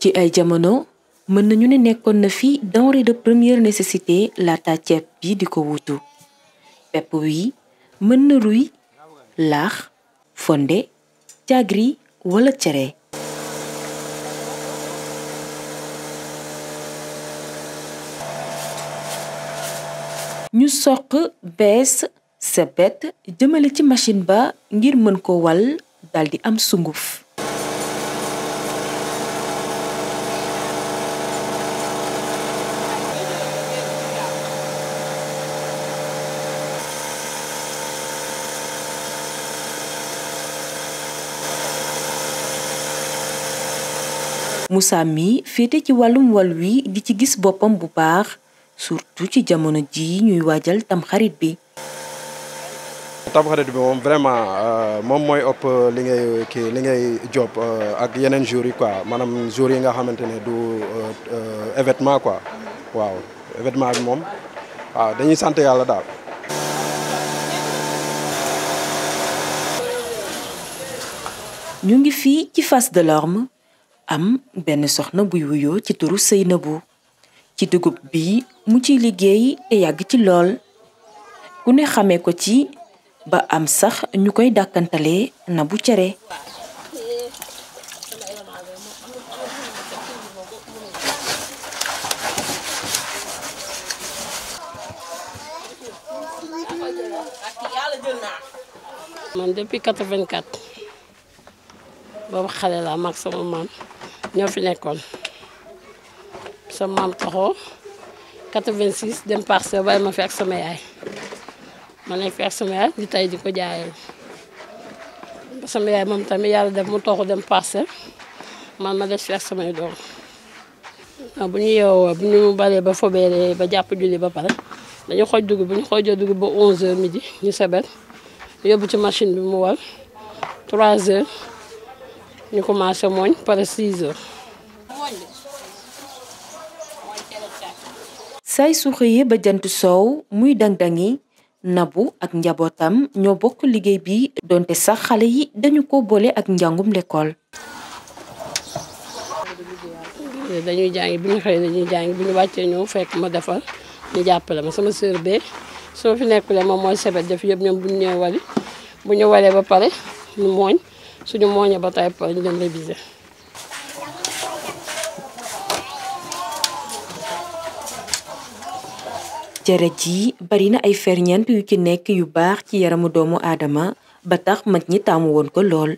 ci ay jamono mën nañu ne nekkoon na fi denrée de première nécessité laata ceeb bi di ko wutu pepp wi mën na ruy laax fonde caagri wala cere. ñu soq bees sebet jëmale ci machine ba ngir mën ko wal daldi am sunguf Moussa mi ci walum wal di ci gis jamono ji ñuy bi vraiment mom moy op li ngay job euh, ak yenen jour yi quoi manam jour yi nga du euh, euh, événement quoi waaw événement bi mom waaw dañuy yalla daal. ñu ngi ci am benn soxna buy wuyoo ci turu Seynabu ci dugub bi mu ciy liggéey te yàgg ci lool ku ne xamee ko ci ba am sax ñu koy na bu cere man depuis 84 boobu xale laa mag maam ñoo fi nekkoon sama 86 dem parcelle ma sama yaay ma nekk di tay di ko ma des fi ak doom bu ñu yeewoo bu ba ba jàpp julli ba pare dañu 11h midi ñu sebet ci machine bi mu wal 3 ñu commencé mooñ pare 6 heures. saay su xëyee ba jant soow muy dang-dangi nabu ak njabootam ñoo bokk liggéey bi donte sax xale yi dañu ko boole ak njàngum l'école. dañuy jàngi bi ñu xëyee dañuy jàngi bi ñu wàccee ñëw fekk ma defar ñu jàppale ma sama sœur bee su ma fi nekkulee moom mooy sebet def yëpp ñoom bu ñu ñëwee wari bu ñu ba pare ñu mooñ. suñu moña ba tey pa ñu dem réviser cere ji bari na ay ferñeent yu ci nekk yu baax ci yaramu doomu adama ba tax mag ñi tamu won ko lool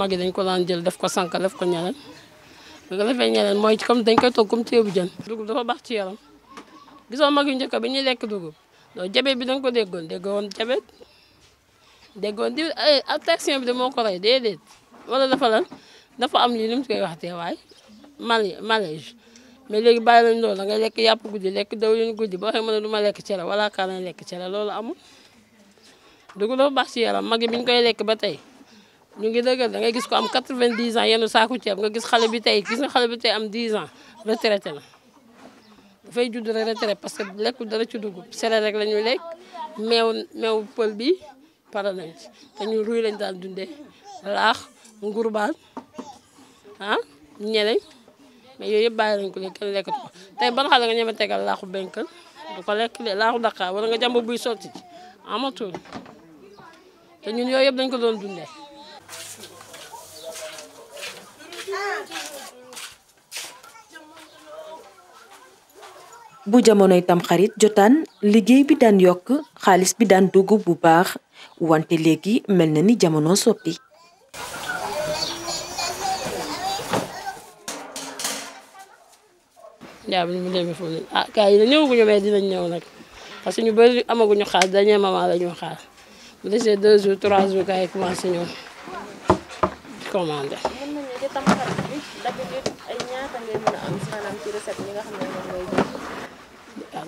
magi dañ ko daan jël def ko sànq def ko ñeneen nga defee ñeneen mooy comme dañ koy togg comme ceebu jën dugub dafa baax ci yaram gisoo magi ñëk bi ñi lekk dugub do jabe bi dañ ko jabet déggoon di eh, attraction bi de moo ko rey déedéet wala dafa lan dafa am lii lu mu koy wax teewaay mal malaise mais léegi bàyyi lañ loolu da ngay lekk yàpp guddi lekk dawlin guddi boo xee ma ne du ma lekk cere wala kaa lañ lekk cere loolu amu dugub dafa baax ci yaram mag yi bi ñu koy lekk ba tey ñu ngi dëggal da ngay gis ko am 90 ans yenn saaku ceeb nga gis xale bi tey gis xale bi tey am 10 ans retraité la dafay judd rek retraité parce que lekku dara ci dugub cere rek la ñuy lekk meew meew pël bi pare nañ ci te ñun ruy lañ daan dundee laax ngurbaan ah ñeleñ mais yooyu yëpp bàyyi ko léegi kenn lekkatu ko tey ban xale nga ñeme tegal laaxu benkel du ko nga jàmb buy sotti ci amatul te ñun yooyu yëpp dañ ko doon dundee. bu itam xarit jotan liggey bi daan yokk xaalis bi daan dugg bu baax wante léegi mel ni jamono soppi. Ya bi ñu demee foofu ah gars yi de ñëwaguñu mais dinañ ñëw nag parce que ñu bëri ñu xaar dernier moment la xaar bu desee deux jours trois jours gars yi commencé ñëw di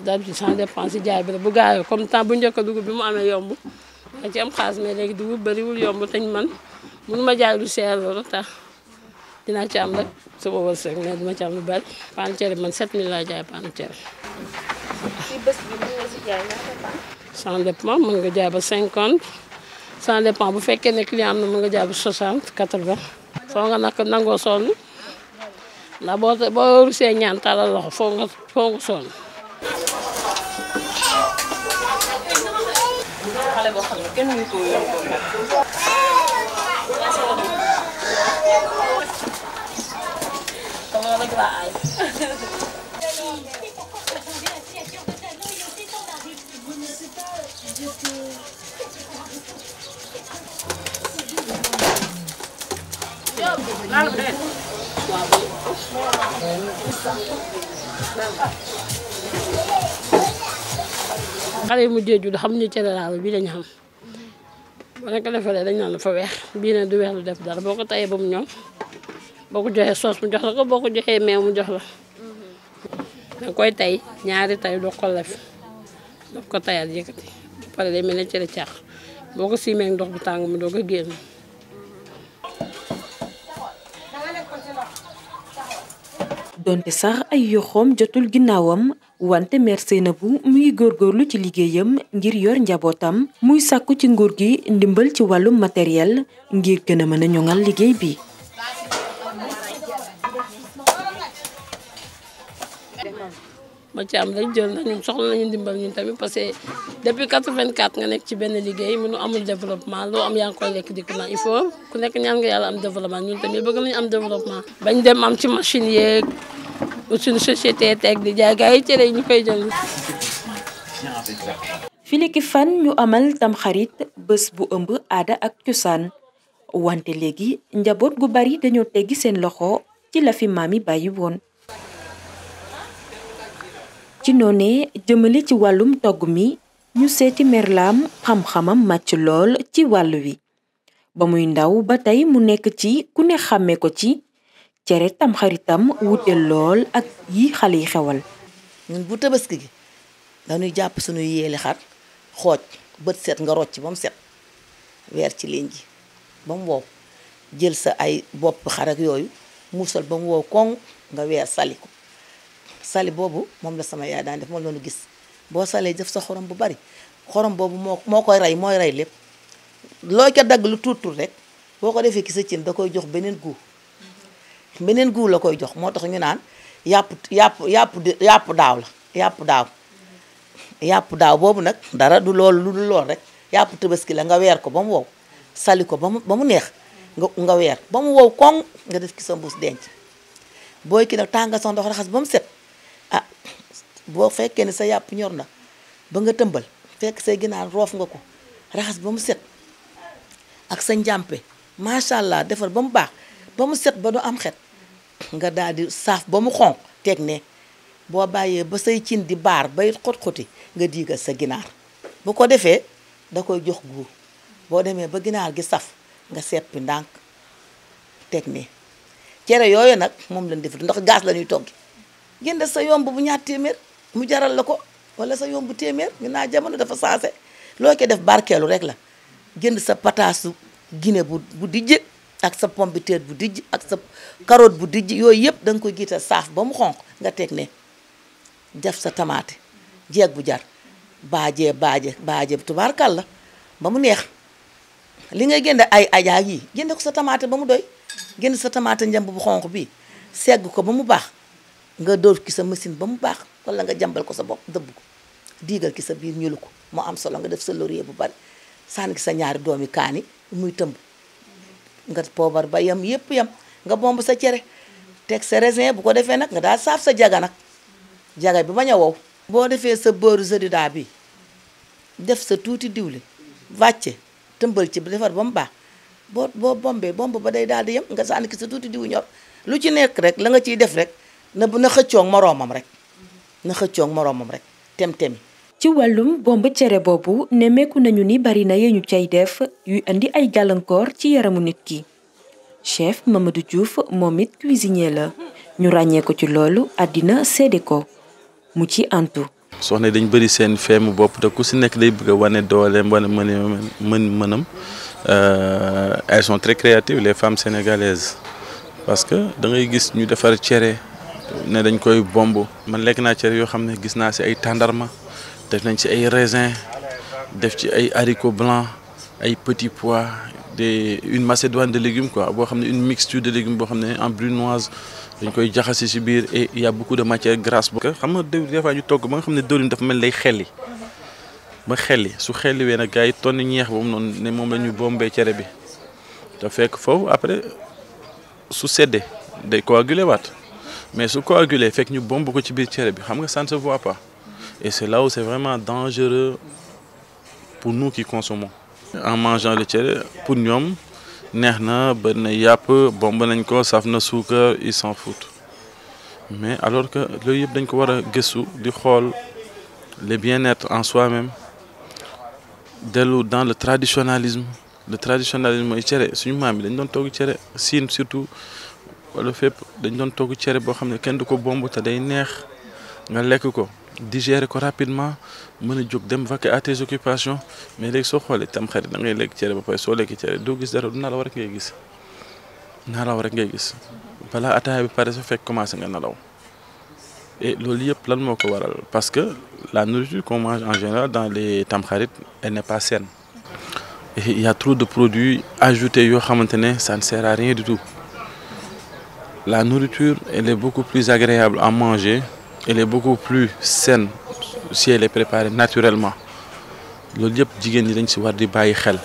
daal ci sans dépense jaay bi la bu gaawee comme temps bu njëkk dugub bi mu amee yomb nga ci am xaas mais léegi dugub bëriwul yomb tañ man mënu jaay lu seer tax ci am mais duma ci am lu bari paanu cere man 7000 laa jaay paanu cere. ci bés bi mën nga si jaay ñaata pan? sans dépend mën nga jaay ba 50 sans dépend bu fekkee ne client am na mën nga jaay ba 60 80 soo nga nag ñaan talal loxo nga nga 他那个可能更多一点吧。感谢我们。他们那 xale yi mujjee judd xamuñu cere laalo bii lañu xam boo nekk defalee dañ naan la fa weex bii ne du weex lu def dara boo ko tayee ba mu ñoom boo ko joxee soos mu jox la ko boo ko joxee meew mu jox la da koy tay ñaari tay doo ko lef daf ko tayal yëkkati pare day mel ne cere càq boo ko siimee ndox bu tàng mu doog a génn donte sax ay yoxoom jotul ginnaawam wante mère Seynabou mu ngi góorgóorlu ci liggéeyam ngir yor njabootam muy sàkku ci nguur gi ndimbal ci wàllum matériel ngir gëna mëna mën liggéey bi ba ci am rek jël na ñun soxla nañu dimbal ñun tamit parce que depuis 84 nga nek ci benn liggéey mënu amul développement lo am yaa ngi koy lekk di ko naan il faut ku nek ñaan nga yalla am développement ñun tamit bëgg nañu am développement. bañ dem am ci machine yeeg suñu société tek di jaay gaay ci cere ñukay jël koy jël. fan ñu amal tam xarit bés bu ëmb ada ak ciusan wante léegi njabot gu bari dañu teggi seen loxo ci la fi mami yi won ci noonee jëmale ci wàllum togg mi ñu seeti merlam xam-xamam màcc lool ci wàll wi ba muy ndaw ba tey mu nekk ci ku ne xàmme ko ci cere tamxaritam wute lool ak yi xale yi xewal ñun bu tabaski gi dañuy jàpp suñuy yeeli xar xooj bët set nga rocc ba mu set weer ci leen ji ba mu wow jël sa ay bopp xarak yooyu muusal ba mu wow koŋ nga weer sali ko sali boobu moom la sama yaay daan def moom la ñu gis boo salee def sa xorom bu bari xorom boobu moo moo koy rey mooy rey lépp loo ca dagg lu tuut tuut rek boo ko defee ki sa cin da koy jox beneen goût beneen goût la koy jox moo tax ñu naan yàpp yàpp yàpp yàpp daaw la yàpp daaw yàpp daaw boobu nag dara du loolu lu dul lool rek yàpp tabaski la nga weer ko ba mu wow sali ko ba mu ba mu neex nga nga weer ba mu wow koŋ nga def ki sa mbuus denc booy ki nag tàngal sa ndox raxas ba mu set ah boo fekkee ne sa yàpp ñor na ba nga tëmbal tekk say ginaar roof nga ko raxas ba mu set ak sa njàmpe macha allah defar ba mu baax ba mu set ba du am xet nga daal di saaf ba mu xonq teg ne boo bàyyee ba say cin di baar bay xot-xoti nga diigal sa ginaar bu ko defee da koy jox guur boo demee ba ginaar gi saf nga seppi ndànk teg ne cere yooyu nag moom lañ def ndax gaas la ñuy toggi jënd sa yomb bu ñaar téeméer mu jaral la ko wala sa yomb téeméer ñu naa jamono dafa saase loo koy def barkeelu rek la jënd sa pataasu Guinée bu bu dijj ak sa pomme bu dijj ak sa carotte bu dijj yooyu yëpp da nga koy jiital saaf ba mu xonq nga teg ne def sa tamaate jeeg bu jar baajee baaje baaje tubaarkal la ba mu neex li ngay génde ay ajaa yi génde ko sa tamaate ba mu doy génn sa tamaate njamb bu xonq bi segg ko ba mu baax nga doof ki sa machine ba mu baax wala nga jàmbal ko sa bopp dëbb ko diigal ki sa biir ñulu ko moo am solo nga def sa laurier bu bari sànni ki sa ñaari doomi kaani muy tëmb nga poobar ba yam yépp yam nga bomb sa cere teg sa raisin bu ko defee nag nga daal saaf sa jaga nag jaga bi bañ a wow boo defee sa beurre zodida bi def sa tuuti diwle wàcce tëmbal ci defar ba mu baax boo boo bombee bomb ba day daal di yem nga sànni ki sa tuuti diw ñor lu ci nekk rek la nga ciy def rek na na xëccoog moroomam rek na xëccoog moroomam rek tem-temi ci wàllum bomb cere boobu nemmeeku nañu ni bari na yee ñu cay def yuy indi ay gàllankoor ci yaramu nit ki chef Mamadou Diouf moom it cuisinier la ñu ràññee ko ci loolu àddina seede ko mu ci antu soxna dañ bëri seen feemu bopp te ku si nekk day bëgg a wane dooleem wane mën mën mënam euh, elles sont très créatives les femmes sénégalaises parce que da ngay gis ñu defar cere ne dañ koy bomb man lekk naa cere yoo xam ne gis naa si ay tàndarma def nañ si ay raisin def ci ay haricots blancs ay petits pois des une macédoine de légumes quoi boo xam ne une mixture de légumes boo xam ne en brunoise dañ koy jaxase si biir et il y a beaucoup de matière grasse. xam nga des fois ñu togg ba nga xam ne diwlin dafa mel lay xelli ba xelli su xelliwee nag gars yi tonn ñeex boobu noonu ne moom la ñu bombee cere bi te fekk foofu après su seddee day coaguler waat. mais ce coagulé fait que nous avons beaucoup de choses. ça ne se voit pas et c'est là où c'est vraiment dangereux pour nous qui consommons. en mangeant le cere pour nous nous avons des bomb nañ ko ils s'en foutent mais alors que le yëpp dañ ko war a di le bien-être en soi-même dans le traditionnalisme le traditionnalisme est cere suñu maam yi dañ surtout. Le fait dañ doon togg ne kenn du ko day neex digérer rapidement mën dem à tes occupations mais léegi soo xoolee tam da ngay lekk cere ba pare soo gis gis gis et parce que la nourriture qu'on mange en général dans les elle n'est pas saine il y a trop de produits ajoutés ça ne sert à rien du tout la nourriture, elle est beaucoup plus agréable à manger, elle est beaucoup plus saine si elle est préparée naturellement. loolu yëpp jigéen ñi dañ si war di bàyyi xel.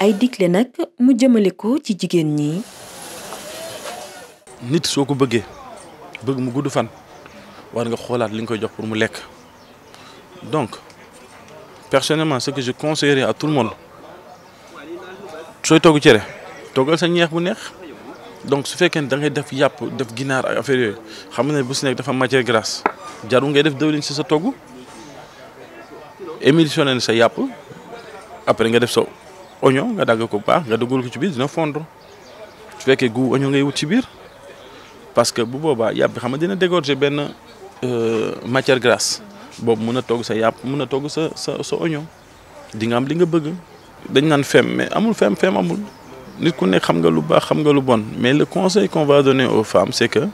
ay digle pas mu jëmale ko ci jigéen ñi. nit soo ko bëgg mu gudd fan war nga xoolaat li nga koy jox pour mu donc personnellement ce que je conseillerais à tout le monde sooy togg cere toggal sa ñeex bu neex. donc su fekkee ne da ngay def yàpp def ginaar ak affaire yooyu xam ne bu si nekk dafa matière grasse jaru ngay def dëwlin si sa togg émulsionné na sa yàpp après nga def sa oño nga dagg ko baax nga dugal ko ci biir dina fondre su fekkee gu oño ngay wut ci biir parce que bu boobaa yàpp bi xam nga dina dégorger benn euh, matière grasse boobu mun a togg sa yàpp mun a togg sa sa sa di nga am li nga bëgg dañ naan fem mais amul fem fem amul. nit ku ne xam nga lu baax xam nga lu bon mais le conseil qu'on va donner aux femmes c'est que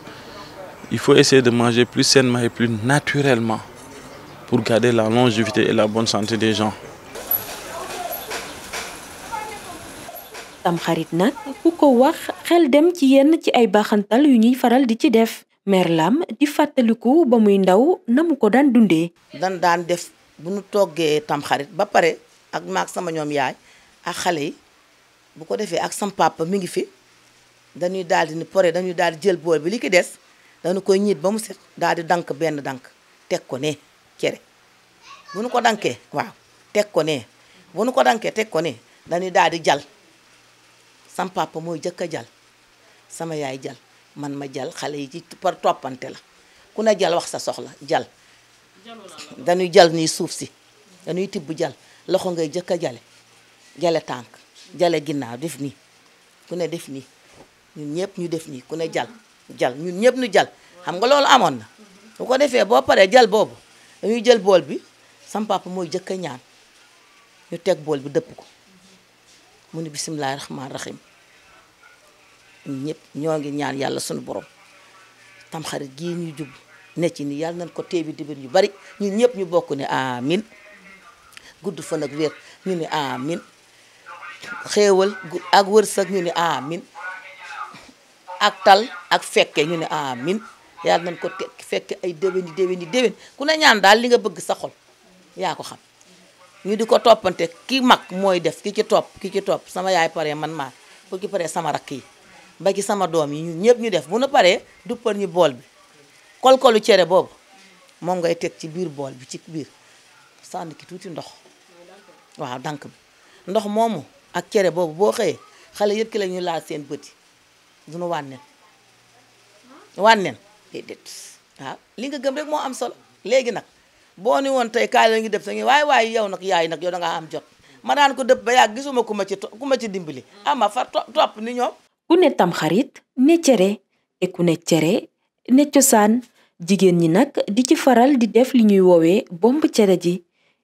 il faut essayer de manger plus sainement et plus naturellement pour garder la longévité et la bonne santé des gens. Tam nag ku ko wax xel dem ci yenn ci ay baxantal yu ñuy faral di ci def mer Lam di fàttaliku ba muy ndaw na ko daan dundee. dan daan def bu nu toggee xarit ba pare ak maag sama ñoom yaay ak xale yi. bu ko defee ak sam papa mi ngi fi dañuy daldi di ni pare dañuy daal di jël bool bi li ki des dañu koy ñiit ba mu set daal di dank benn dank teg ko ne cere bu nu ko dankee waaw teg ko ne bu nu ko dankee teg ko ne dañuy daal di jal sam mooy jëkk a jal sama yaay jal man ma jal xale yi ci par toppante la ku ne jal wax sa soxla jal dañuy jal nii suuf si dañuy tibb jal loxo ngay jëkk a jale jale tànk jale ginnaaw def nii ku ne def nii ñun ñëpp ñu def nii ku ne jal jal ñun ñëpp ñu jal xam nga loolu amoon na bu ko defee boo paree jal boobu dañuy jël bool bi sam mooy jëkk a ñaan ñu teg bool bi dëpp ko mu ni bisimilah rahmaani rahim ñëpp ñoo ngi ñaan yàlla sunu borom tamxarit gii ñu jub nekk ci ni yàlla nañ ko teebi dibir yu bari ñun ñëpp ñu bokk ne amin gudd fan ak wér ñu ne amin xéewal ak wërsëg ñu ne amin ak tal ak fekke ñu ne amin yàlla nañ ko fekke ay déwéni déwéni déwén ku ne ñaan daal li nga bëgg sa xol yaa ko xam ñu di ko toppante ki mag mooy def ki ci topp ki ci topp sama yaay pare man maa pour ki pare sama rakk yi ba ci sama doom yi ñu ñëpp ñu def a pare du duppal ñu bool bi kolkolu cere boobu moom ngay teg ci biir bool bi ci biir sànni ki tuuti ndox waaw dank bi ndox moomu ak cere boobu boo xëyee xale yëpp ki la ñuy laal seen bët yi duñu wànneen wànneen déedéet waaw li nga gëm rek moo am solo léegi nag boo ni woon tey kaay la ngi def sa waaye waaye yow nag yaay nag yow da ngaa am jot ma daan ko dëpp ba yàgg gisuma ku ma ci ku ma ci dimbali ama ah, far topp ni ñoom ku ne tam xarit ne cere te ku ne cere ne cosaan jigéen ñi nag di ci faral di def li ñuy woowee bomb cere ji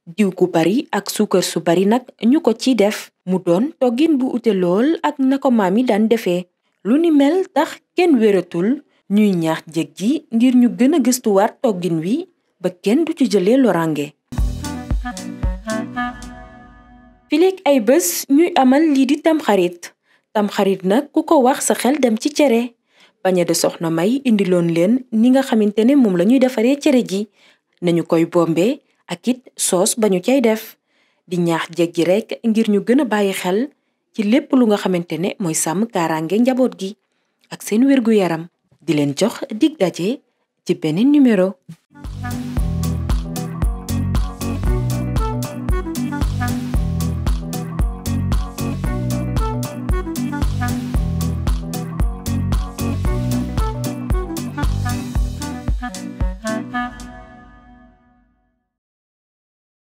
diw ku bari ak suukar su bari nag ñu ko ci def mu doon toggin bu ute lool ak na ko maam daan defee lu ni mel tax kenn wératul ñuy ñaax jég ji ngir ñu gën a gëstuwaat toggin wi ba kenn du ci jëlee lorange fileek ay bés ñuy amal lii di tam xarit nag ku ko wax sa xel dem ci cere bañe de soxna may indiloon leen ni nga xamante moom la ñuy defaree cere ji nañu koy bombe ak it soos ba ñu cay def di ñax jeeg ji rekk ngir ñu gëna a bàyyi xel ci lépp lu nga xamante ne mooy sàmm kaaraange njaboot gi ak seen wér yaram di leen jox dig daje ci beneen numéro